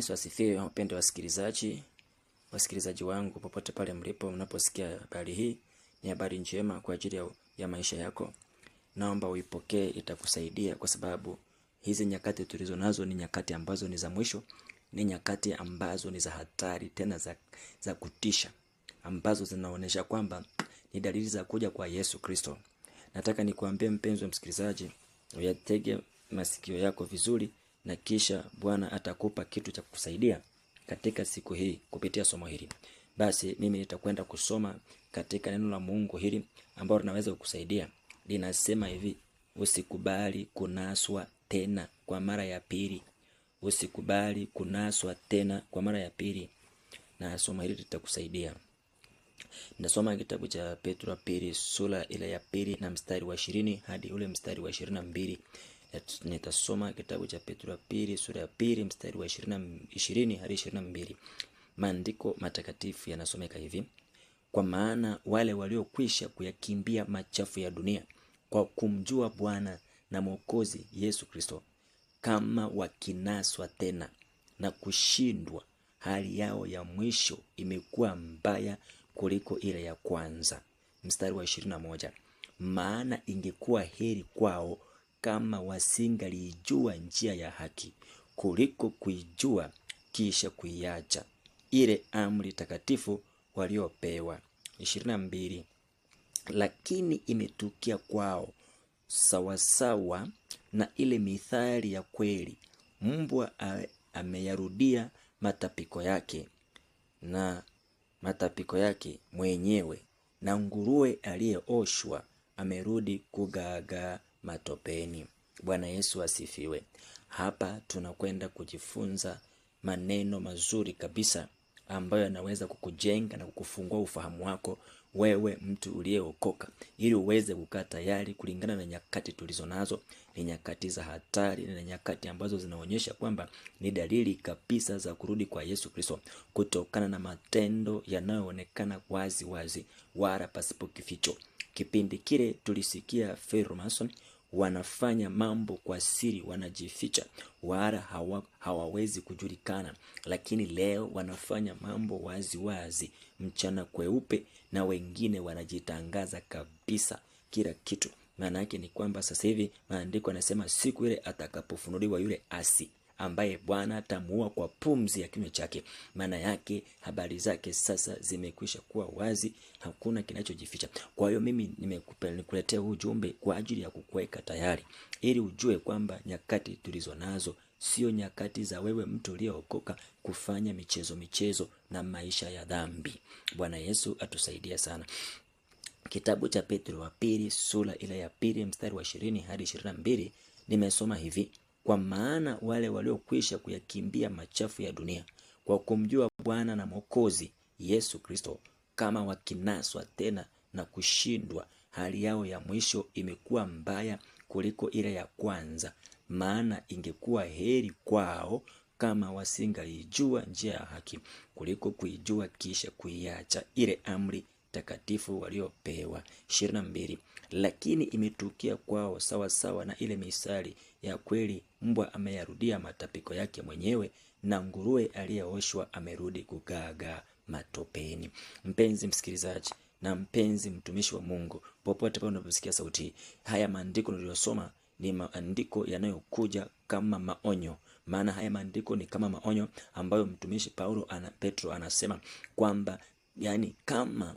Yesu asifiwe, wapendwa wasikilizaji, wasikilizaji wangu popote pale mlipo, mnaposikia habari hii, ni habari njema kwa ajili ya, ya maisha yako. Naomba uipokee, itakusaidia kwa sababu hizi nyakati tulizo nazo ni nyakati ambazo ni za mwisho, ni nyakati ambazo ni za hatari tena za, za kutisha ambazo zinaonyesha kwamba ni dalili za kuja kwa Yesu Kristo. Nataka nikuambie mpenzi wa msikilizaji, uyatege masikio yako vizuri na kisha Bwana atakupa kitu cha kukusaidia katika siku hii kupitia somo hili. Basi mimi nitakwenda kusoma katika neno la Mungu hili ambalo linaweza kukusaidia. Linasema hivi, usikubali kunaswa tena kwa mara ya pili. Usikubali kunaswa tena kwa mara ya pili. Na somo hili litakusaidia. Nasoma kitabu cha Petro pili sura ile ya pili na mstari wa ishirini hadi ule mstari wa ishirini na mbili nitasoma kitabu cha Petro ya pili sura ya pili mstari wa ishirini hadi ishirini na mbili. Maandiko matakatifu yanasomeka hivi: kwa maana wale waliokwisha kuyakimbia machafu ya dunia kwa kumjua Bwana na Mwokozi Yesu Kristo, kama wakinaswa tena na kushindwa, hali yao ya mwisho imekuwa mbaya kuliko ile ya kwanza. Mstari wa ishirini na moja, maana ingekuwa heri kwao kama wasingaliijua njia ya haki kuliko kuijua kisha kuiacha ile amri takatifu waliopewa. 22 Lakini imetukia kwao sawasawa na ile mithali ya kweli, mbwa ameyarudia matapiko yake na matapiko yake mwenyewe, na nguruwe aliyeoshwa amerudi kugaagaa matopeni. Bwana Yesu asifiwe. Hapa tunakwenda kujifunza maneno mazuri kabisa ambayo yanaweza kukujenga na kukufungua ufahamu wako wewe mtu uliyeokoka, ili uweze kukaa tayari kulingana na nyakati tulizo nazo. Ni nyakati za hatari na nyakati ambazo zinaonyesha kwamba ni dalili kabisa za kurudi kwa Yesu Kristo, kutokana na matendo yanayoonekana wazi wazi, wala pasipo kificho. Kipindi kile tulisikia Freemason wanafanya mambo kwa siri, wanajificha, wala hawa, hawawezi kujulikana. Lakini leo wanafanya mambo wazi wazi, mchana kweupe, na wengine wanajitangaza kabisa kila kitu. Maana yake ni kwamba sasa hivi maandiko anasema siku ile atakapofunuliwa yule asi ambaye Bwana atamuua kwa pumzi ya kinywa chake. Maana yake habari zake sasa zimekwisha kuwa wazi, hakuna kinachojificha. Kwa hiyo mimi nimekuletea huu ujumbe kwa ajili ya kukuweka tayari, ili ujue kwamba nyakati tulizo nazo sio nyakati za wewe mtu uliyeokoka kufanya michezo michezo na maisha ya dhambi. Bwana Yesu atusaidia sana. Kitabu cha Petro wa pili sura ile ya pili mstari wa ishirini hadi ishirini na mbili nimesoma hivi: kwa maana wale waliokwisha kuyakimbia machafu ya dunia kwa kumjua Bwana na Mwokozi Yesu Kristo, kama wakinaswa tena na kushindwa, hali yao ya mwisho imekuwa mbaya kuliko ile ya kwanza. Maana ingekuwa heri kwao kama wasingaijua njia ya haki kuliko kuijua kisha kuiacha ile amri takatifu waliopewa. ishirini na mbili lakini imetukia kwao sawa sawa na ile misali ya kweli, mbwa ameyarudia matapiko yake mwenyewe na nguruwe aliyeoshwa amerudi kugaga matopeni. Mpenzi msikilizaji na mpenzi mtumishi wa Mungu, popote pale unaposikia sauti haya maandiko niliyosoma ni maandiko yanayokuja kama maonyo. Maana haya maandiko ni kama maonyo ambayo mtumishi Paulo ana Petro anasema kwamba yani kama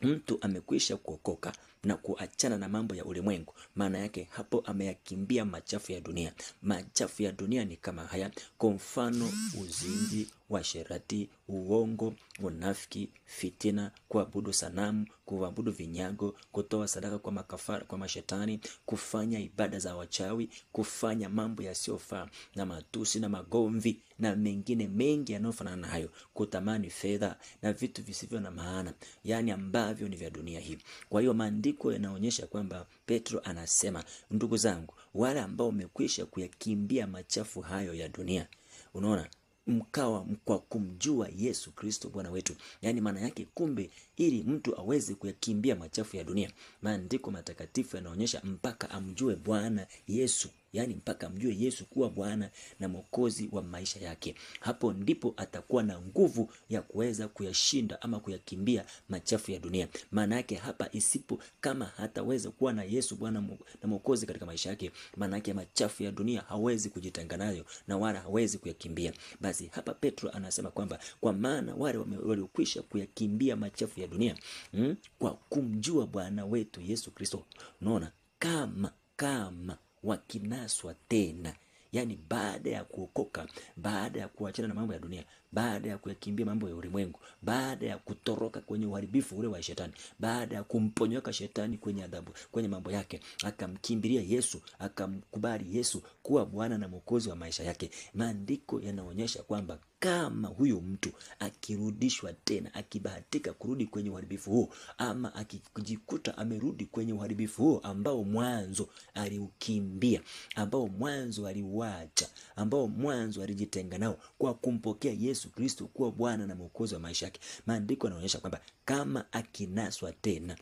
mtu amekwisha kuokoka na kuachana na mambo ya ulimwengu. Maana yake hapo ameyakimbia machafu ya dunia. Machafu ya dunia ni kama haya, kwa mfano uzinzi, washerati, uongo, unafiki, fitina, kuabudu sanamu, kuabudu vinyago, kutoa sadaka kwa makafara, kwa mashetani, kufanya ibada za wachawi, kufanya mambo yasiyofaa na matusi na magomvi na mengine mengi yanayofanana na hayo, kutamani fedha na vitu visivyo na maana, yani ambavyo ni vya dunia hii. Kwa hiyo maandiko maandiko yanaonyesha kwamba Petro anasema, ndugu zangu, wale ambao wamekwisha kuyakimbia machafu hayo ya dunia, unaona mkawa kwa kumjua Yesu Kristo Bwana wetu. Yaani maana yake kumbe, ili mtu aweze kuyakimbia machafu ya dunia, maandiko matakatifu yanaonyesha mpaka amjue Bwana Yesu yani mpaka mjue Yesu kuwa Bwana na Mwokozi wa maisha yake. Hapo ndipo atakuwa na nguvu ya kuweza kuyashinda ama kuyakimbia machafu ya dunia. Maana yake hapa, isipo kama hataweza kuwa na Yesu Bwana na Mwokozi katika maisha yake, maana yake machafu ya dunia hawezi kujitenga nayo na wala hawezi kuyakimbia. Basi hapa Petro anasema kwamba kwa maana wale waliokwisha kuyakimbia machafu ya dunia mm, kwa kumjua Bwana wetu Yesu Kristo. Unaona kama kama wakinaswa tena, yaani baada ya kuokoka, baada ya kuachana na mambo ya dunia, baada ya kuyakimbia mambo ya ulimwengu, baada ya kutoroka kwenye uharibifu ule wa shetani, baada ya kumponyoka shetani kwenye adhabu, kwenye mambo yake, akamkimbilia Yesu, akamkubali Yesu kuwa Bwana na Mwokozi wa maisha yake. Maandiko yanaonyesha kwamba kama huyu mtu akirudishwa tena, akibahatika kurudi kwenye uharibifu huo, ama akijikuta amerudi kwenye uharibifu huo ambao mwanzo aliukimbia, ambao mwanzo aliuacha, ambao mwanzo alijitenga nao, kwa kumpokea Yesu Yesu Kristo kuwa Bwana na Mwokozi wa maisha yake. Maandiko yanaonyesha kwamba kama akinaswa tena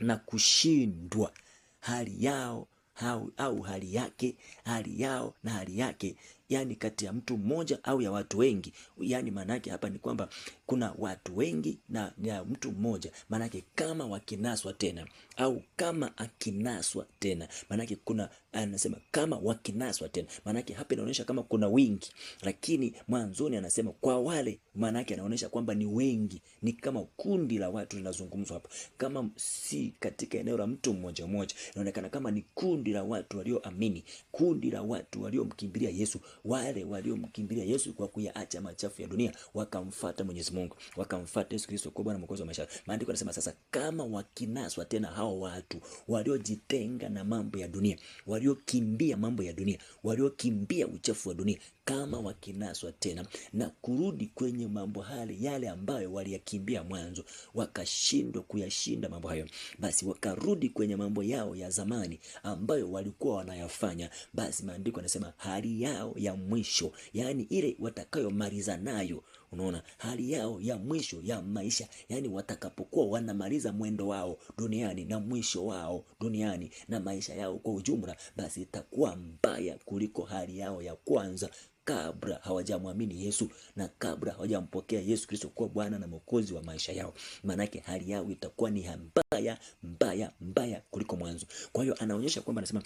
na kushindwa hali yao au, au hali yake hali yao na hali yake yani kati ya mtu mmoja au ya watu wengi. Yani maanake hapa ni kwamba kuna watu wengi na ya mtu mmoja, maanake kama wakinaswa tena au kama akinaswa tena, maanake kuna eh, anasema kama wakinaswa tena, maanake hapa inaonyesha kama kuna wingi, lakini mwanzoni anasema kwa wale, maanake anaonyesha kwamba ni wengi, ni kama kundi la watu linazungumzwa hapa, kama si katika eneo la mtu mmoja mmoja, inaonekana kama ni kundi la watu walioamini, kundi la watu waliomkimbilia Yesu, wale waliomkimbilia Yesu kwa kuyaacha machafu ya dunia wakamfuata Mwenyezi Mungu, wakamfuata Yesu Kristo kwa Bwana mwokozi wa maisha. Maandiko yanasema sasa, kama wakinaswa tena hao watu waliojitenga na mambo ya dunia, waliokimbia mambo ya dunia, waliokimbia uchafu wa dunia, kama wakinaswa tena na kurudi kwenye mambo hale yale ambayo waliyakimbia mwanzo, wakashindwa kuyashinda mambo hayo, basi wakarudi kwenye mambo yao ya zamani ambayo walikuwa wanayafanya, basi maandiko yanasema hali yao ya ya mwisho, yaani ile watakayomaliza nayo. Unaona hali yao ya mwisho ya maisha, yaani watakapokuwa wanamaliza mwendo wao duniani na mwisho wao duniani na maisha yao kwa ujumla, basi itakuwa mbaya kuliko hali yao ya kwanza kabla hawajamwamini Yesu na kabla hawajampokea Yesu Kristo kuwa Bwana na Mwokozi wa maisha yao. Maanake hali yao itakuwa ni mbaya mbaya mbaya kuliko mwanzo. Kwa hiyo anaonyesha kwamba anasema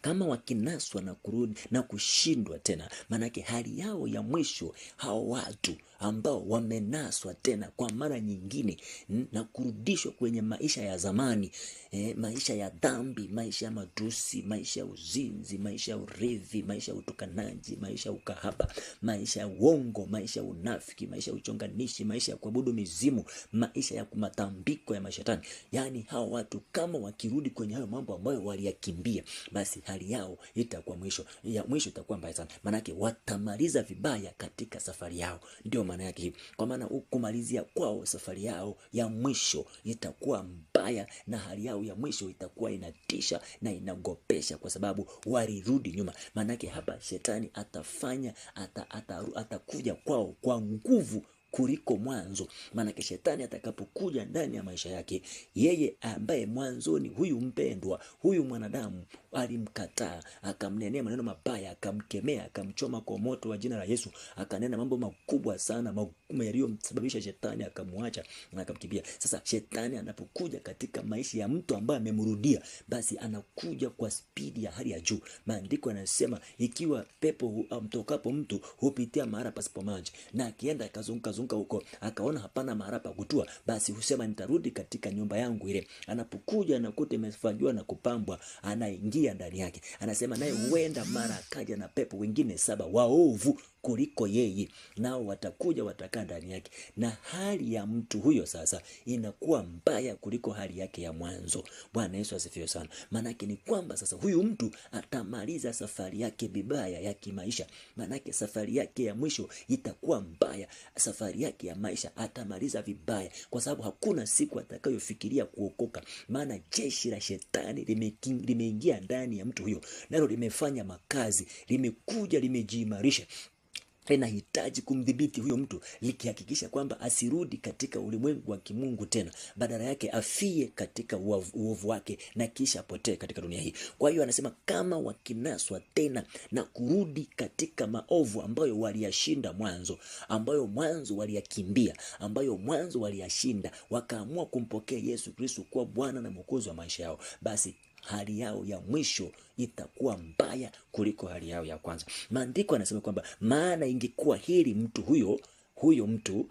kama wakinaswa na kurudi na kushindwa tena, maanake hali yao ya mwisho hao watu ambao wamenaswa tena kwa mara nyingine na kurudishwa kwenye maisha ya zamani e, maisha ya dhambi, maisha ya matusi, maisha ya uzinzi, maisha ya urevi, maisha ya utukanaji, maisha ya ukahaba, maisha ya uongo, maisha ya unafiki, maisha ya uchonganishi, maisha ya kuabudu mizimu, maisha ya matambiko ya mashetani. Yaani hawa watu kama wakirudi kwenye hayo mambo ambayo waliyakimbia, basi hali yao itakuwa mwisho ya mwisho itakuwa mbaya sana, maanake watamaliza vibaya katika safari yao ndio ndio maana yake hivi, kwa maana kumalizia kwao safari yao ya mwisho itakuwa mbaya, na hali yao ya mwisho itakuwa inatisha na inagopesha, kwa sababu walirudi nyuma. Maanake hapa shetani atafanya atakuja ata, ata kwao kwa nguvu kuliko mwanzo. Maanake shetani atakapokuja ndani ya maisha yake, yeye ambaye mwanzoni, huyu mpendwa, huyu mwanadamu, alimkataa, akamnenea maneno mabaya, akamkemea, akamchoma kwa moto wa jina la Yesu, akanena mambo makubwa sana yaliyomsababisha shetani akamwacha na akamkimbia. Sasa shetani anapokuja katika maisha ya mtu ambaye amemrudia, basi anakuja kwa spidi ya hali ya juu. Maandiko yanasema ikiwa pepo amtokapo um, mtu hupitia mahali pasipo maji, na akienda akazunguka zunguka huko akaona hapana mahali pa kutua, basi husema nitarudi katika nyumba yangu ile. Anapokuja anakuta imefanyiwa na kupambwa, anaingia kutia ndani yake. Anasema naye huenda mara akaja na pepo wengine saba waovu kuliko yeye, nao watakuja watakaa ndani yake, na hali ya mtu huyo sasa inakuwa mbaya kuliko hali yake ya mwanzo. Bwana Yesu asifiwe sana. Maanake ni kwamba sasa huyu mtu atamaliza safari yake bibaya ya kimaisha, maanake safari yake ya mwisho itakuwa mbaya. Safari yake ya maisha atamaliza vibaya, kwa sababu hakuna siku atakayofikiria kuokoka, maana jeshi la shetani limeingia ndani ya mtu huyo, nalo limefanya makazi, limekuja, limejiimarisha inahitaji kumdhibiti huyo mtu likihakikisha kwamba asirudi katika ulimwengu wa kimungu tena, badala yake afie katika uovu wake na kisha apotee katika dunia hii. Kwa hiyo anasema kama wakinaswa tena na kurudi katika maovu ambayo waliyashinda mwanzo, ambayo mwanzo waliyakimbia, ambayo mwanzo waliyashinda, wakaamua kumpokea Yesu Kristo kuwa Bwana na Mwokozi wa maisha yao, basi hali yao ya mwisho itakuwa mbaya kuliko hali yao ya kwanza. Maandiko anasema kwamba maana ingekuwa heri mtu huyo huyo mtu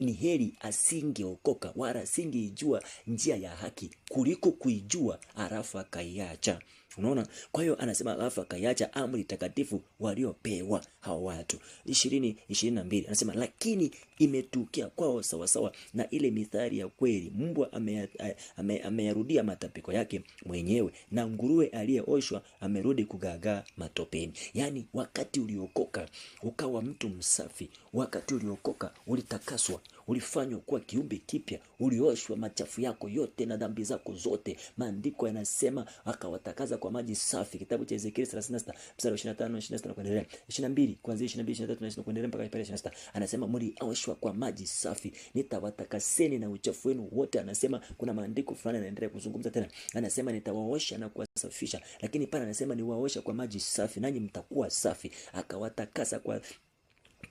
ni heri asingeokoka wala asingeijua njia ya haki kuliko kuijua alafu akaiacha. Unaona, kwa hiyo anasema alafu akaiacha amri takatifu waliopewa hawa watu. 20 22 anasema lakini imetukia kwao sawasawa na ile mithari ya kweli, mbwa ameyarudia ame, ame matapiko yake mwenyewe na nguruwe aliyeoshwa amerudi kugagaa matopeni. Yaani wakati uliokoka ukawa mtu msafi, wakati uliokoka ulitakaswa ulifanywa kuwa kiumbe kipya, ulioshwa machafu yako yote na dhambi zako zote. Maandiko yanasema akawatakaza kwa maji safi, kitabu cha ezekiel 36 mstari 25 26 na kuendelea, 22 kuanzia 22 23 na kuendelea mpaka pale 26, anasema mlioshwa kwa maji safi, nitawatakaseni na uchafu wenu wote. Anasema kuna maandiko fulani yanaendelea kuzungumza tena, anasema nitawaosha na kuwasafisha, lakini pana anasema niwaosha kwa maji safi, nanyi mtakuwa safi. Akawatakasa kwa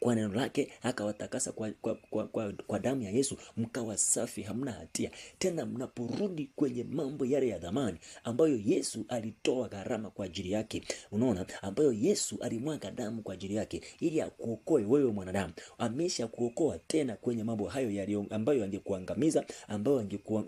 kwa neno lake akawatakasa kwa, kwa, kwa, kwa, kwa damu ya Yesu, mkawa safi, hamna hatia tena. Mnaporudi kwenye mambo yale ya dhamani ambayo Yesu alitoa gharama kwa ajili yake, unaona, ambayo Yesu alimwaga damu kwa ajili yake ili akuokoe wewe mwanadamu. Amesha kuokoa tena kwenye mambo hayo yale ambayo angekuangamiza, ambayo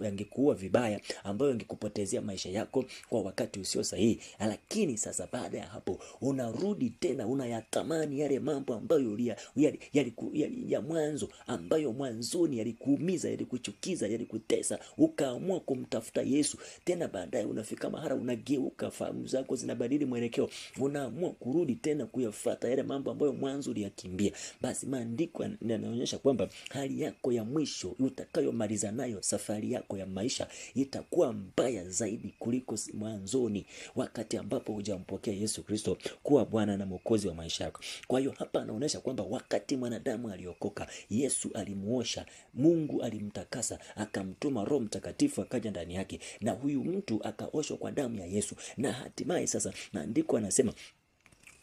angekuua vibaya, ambayo angekupotezea maisha yako kwa wakati usio sahihi. Lakini sasa baada ya hapo unarudi tena unayatamani yale mambo ambayo ulia yali, yali, yali, ya mwanzo ambayo mwanzoni yalikuumiza, yalikuchukiza, yalikutesa, ukaamua kumtafuta Yesu. Tena baadaye unafika mahara unageuka, fahamu zako zinabadili mwelekeo, unaamua kurudi tena kuyafuata yale mambo ambayo mwanzo uliyakimbia. Basi maandiko yanaonyesha kwamba hali yako ya mwisho utakayomaliza nayo safari yako ya maisha itakuwa mbaya zaidi kuliko mwanzoni, wakati ambapo hujampokea Yesu Kristo kuwa Bwana na Mwokozi wa maisha yako. Kwa hiyo hapa anaonyesha kwamba Wakati mwanadamu aliokoka, Yesu alimuosha, Mungu alimtakasa, akamtuma Roho Mtakatifu akaja ndani yake, na huyu mtu akaoshwa kwa damu ya Yesu, na hatimaye sasa maandiko anasema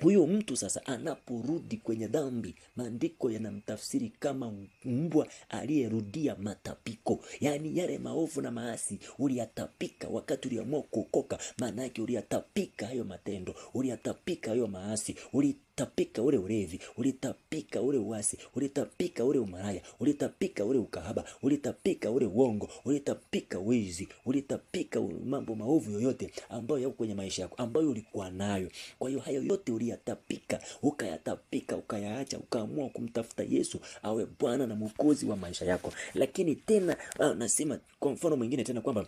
huyu mtu sasa anaporudi kwenye dhambi, maandiko yanamtafsiri kama mbwa aliyerudia matapiko, yaani yale maovu na maasi uliyatapika wakati uliamua kuokoka. Maana yake uliyatapika hayo matendo, uliyatapika hayo maasi, uli Ulitapika ule ulevi, ulitapika ule uasi, ulitapika ule umaraya, ulitapika ule ukahaba, ulitapika ule uongo, ulitapika wizi, ulitapika mambo maovu yoyote ambayo yako kwenye maisha yako ambayo ulikuwa nayo. Kwa hiyo hayo yote uliyatapika, ukayatapika, ukayaacha, ukaamua kumtafuta Yesu awe Bwana na Mwokozi wa maisha yako. Lakini tena uh, nasema kwa mfano mwingine tena kwamba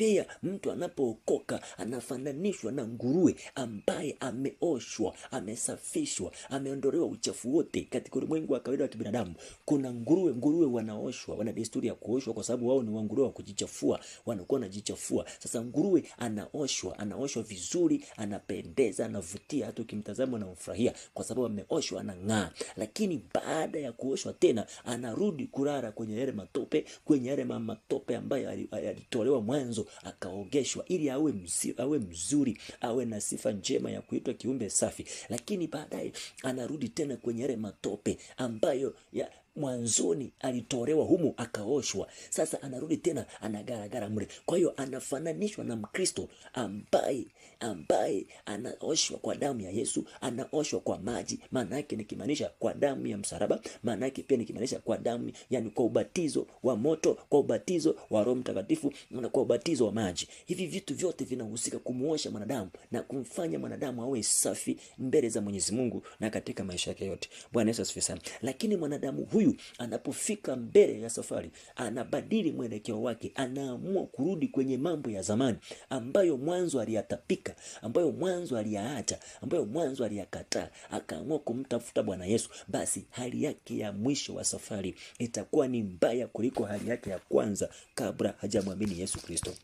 pia mtu anapookoka anafananishwa na nguruwe ambaye ameoshwa, amesafishwa, ameondolewa uchafu wote. Katika ulimwengu wa kawaida wa kibinadamu kuna nguruwe. Nguruwe wanaoshwa, wana desturi ya kuoshwa kwa sababu wao ni wanguruwe wa kujichafua, wanakuwa wanajichafua. Sasa nguruwe anaoshwa, anaoshwa vizuri, anapendeza, anavutia, hata ukimtazama unamfurahia kwa sababu ameoshwa, anang'aa. Lakini baada ya kuoshwa tena anarudi kulala kwenye yale matope, kwenye yale matope ambayo alitolewa mwanzo akaogeshwa ili awe, mzi, awe mzuri awe na sifa njema ya kuitwa kiumbe safi, lakini baadaye anarudi tena kwenye yale matope ambayo ya, mwanzoni alitolewa humu akaoshwa, sasa anarudi tena anagaragara mle. Kwa hiyo anafananishwa na Mkristo ambaye ambaye anaoshwa kwa damu ya Yesu, anaoshwa kwa maji, maana yake nikimaanisha kwa damu ya msalaba, maana yake pia nikimaanisha kwa damu, yani kwa ubatizo wa moto, kwa ubatizo wa Roho Mtakatifu na kwa ubatizo wa maji. Hivi vitu vyote vinahusika kumuosha mwanadamu na kumfanya mwanadamu awe safi mbele za Mwenyezi Mungu na katika maisha yake yote. Bwana Yesu asifiwe sana. Lakini mwanadamu huyu juu anapofika mbele ya safari anabadili mwelekeo wake, anaamua kurudi kwenye mambo ya zamani ambayo mwanzo aliyatapika, ambayo mwanzo aliyaacha, ambayo mwanzo aliyakataa, akaamua kumtafuta Bwana Yesu, basi hali yake ya mwisho wa safari itakuwa ni mbaya kuliko hali yake ya kwanza kabla hajamwamini Yesu Kristo.